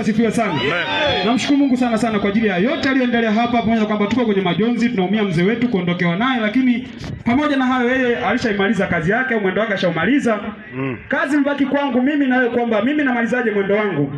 Asifiwe sana. Namshukuru Mungu sana sana kwa ajili ya yote aliyoendelea hapa, pamoja na kwamba tuko kwenye majonzi, tunaumia mzee wetu kuondokewa naye, lakini pamoja na hayo, yeye alishaimaliza kazi yake, mwendo wake ashaumaliza. Mm. Kazi mbaki kwangu mimi na wewe, kwamba mimi namalizaje mwendo wangu.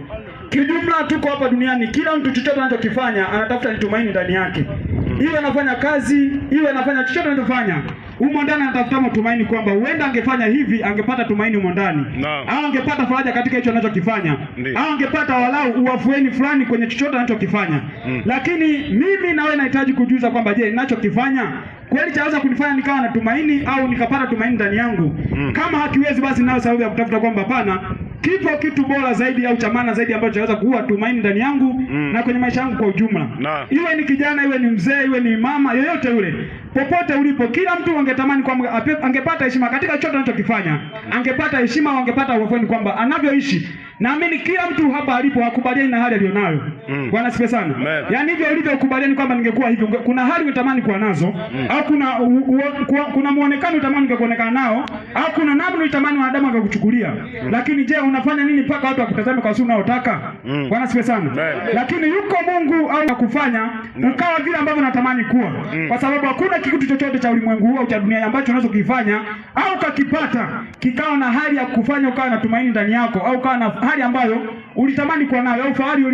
Kijumla tuko hapa duniani, kila mtu chochote anachokifanya anatafuta litumaini ndani yake, mm. iwe anafanya kazi, iwe anafanya chochote anachofanya humo ndani anatafuta matumaini kwamba huenda angefanya hivi angepata tumaini humo ndani au angepata faraja katika hicho anachokifanya au angepata walau uwafueni fulani kwenye chochote anachokifanya mm. Lakini mimi nawe nahitaji kujuza kwamba je, ninachokifanya kweli chaweza kunifanya nikawa na tumaini au nikapata tumaini ndani yangu mm. Kama hakiwezi basi nayo sababu ya kutafuta kwamba hapana kipo kitu bora zaidi au cha maana zaidi ambacho chaweza kuua tumaini ndani yangu mm. na kwenye maisha yangu kwa ujumla, iwe ni kijana, iwe ni mzee, iwe ni mama, yoyote yule, popote ulipo, kila mtu angetamani kwamba angepata heshima katika chochote anachokifanya, angepata heshima, angepata wafueni kwamba anavyoishi Naamini kila mtu hapa alipo hakubaliani na hali aliyonayo. Mm. Bwana sifa sana. Yaani hivyo ulivyokubaliani kwamba ningekuwa hivyo, kuna hali unatamani kuwa nazo mm. au kuna u, u, u, kuna muonekano unatamani ungekuonekana nao au kuna namna unatamani wanadamu angekuchukulia. Mm. Lakini je, unafanya nini mpaka watu wakutazame kwa sura unaotaka? Mm. Bwana sifa sana. Lakini yuko Mungu au akufanya mm. ukawa vile ambavyo unatamani kuwa. Mm. Kwa sababu hakuna kitu chochote cha ulimwengu huu au cha dunia ambacho unaweza kukifanya au kakipata kikawa na hali ya kufanya ukawa na tumaini ndani yako au ukawa na hali ambayo ulitamani kuwa nayo au fahari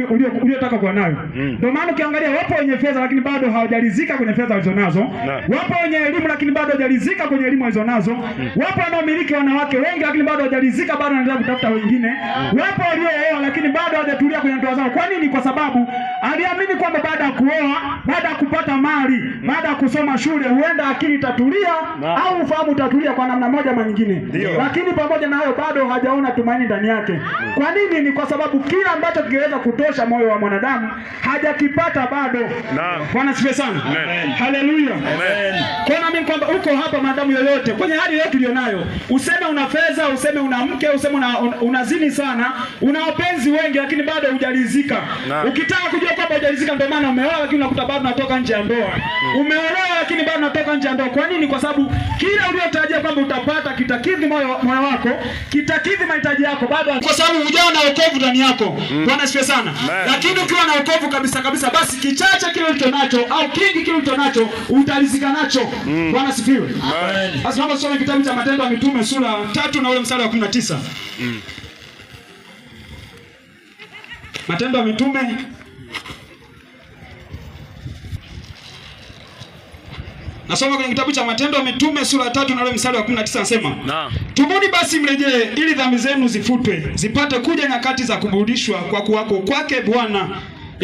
uliyotaka kuwa nayo. Mm. Ndio mm. maana ukiangalia wapo wenye fedha lakini bado hawajalizika kwenye fedha walizonazo. Wapo wenye elimu lakini bado hawajalizika kwenye elimu walizonazo. Mm. Wapo wanaomiliki wanawake wengi lakini bado hawajalizika, bado wanaendelea kutafuta wengine. Mm. Wapo waliooa lakini bado hawajatulia kwenye ndoa zao. Kwa nini? Kwa sababu aliamini kwamba baada ya kuoa, baada ya kupata mali baada ya kusoma shule, huenda akili itatulia au ufahamu utatulia kwa namna moja ama nyingine, lakini pamoja na hayo bado hajaona tumaini ndani yake. Kwa nini? Ni kwa sababu kila ambacho kingeweza kutosha moyo wa mwanadamu hajakipata bado. Bwana sifiwe sana, haleluya. Kwa nami kwamba uko hapa mwanadamu yoyote kwenye hali yote ulionayo, useme una fedha, useme una mke, useme una, unazini sana, una wapenzi wengi, lakini bado hujalizika. Ukitaka kujua kwamba hujalizika, ndio maana umeoa, lakini unakuta bado unatoka nje ya ndoa. Umeolewa lakini bado unatoka nje ya ndoa. Kwa nini? Kwa sababu kila uliotarajia kwamba utapata kitakidhi moyo wako, kitakidhi mahitaji yako bado, kwa sababu hujawa na wokovu ndani yako. Mm. Bwana asifiwe sana. Lakini ukiwa na wokovu kabisa kabisa, basi kichache kile ulicho nacho au kingi kile ulicho nacho utalizika nacho. Mm. Bwana asifiwe. Basi naomba tusome kitabu cha Matendo ya Mitume sura tatu na ule mstari wa 19. Mm. Matendo ya Mitume Nasoma kwenye kitabu cha Matendo ya Mitume sura ya tatu na ule mstari wa 19 anasema, Naam. Tubuni basi mrejee ili dhambi zenu zifutwe, zipate kuja nyakati za kuburudishwa kwa kuwako kwake Bwana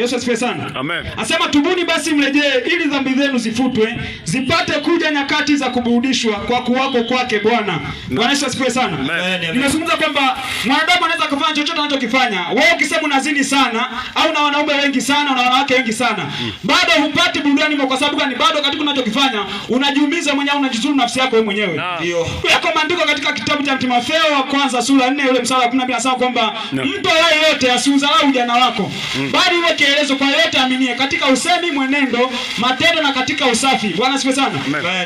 Yesu asifiwe sana. Amen. Asema tubuni basi mrejee ili dhambi zenu zifutwe zipate kuja nyakati za kuburudishwa kwa kuwako kwake Bwana. Bwana Yesu asifiwe sana. Nimezungumza kwamba mwanadamu anaweza kufanya chochote anachokifanya. Wewe ukisema unazini sana au na wanaume wengi sana na wanawake wengi sana, mm. bado hupati burudani kwa sababu gani? Bado katika unachokifanya unajiumiza mwenyewe, unajizuru nafsi yako wewe mwenyewe. Ndio. Yako maandiko katika kitabu cha Timotheo wa kwanza sura 4 ule mstari wa 12 anasema kwamba mtu yeyote asiudharau ujana wako, mm. bali weke kielezo kwa yote aminie katika usemi, mwenendo, matendo na katika usafi. Bwana sifa sana.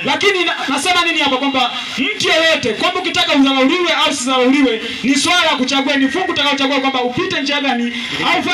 Lakini na, nasema nini hapa kwamba mtu yeyote kwamba ukitaka udharauliwe au usidharauliwe ni swala kuchagua, ni fungu utakaochagua kwamba upite njia gani au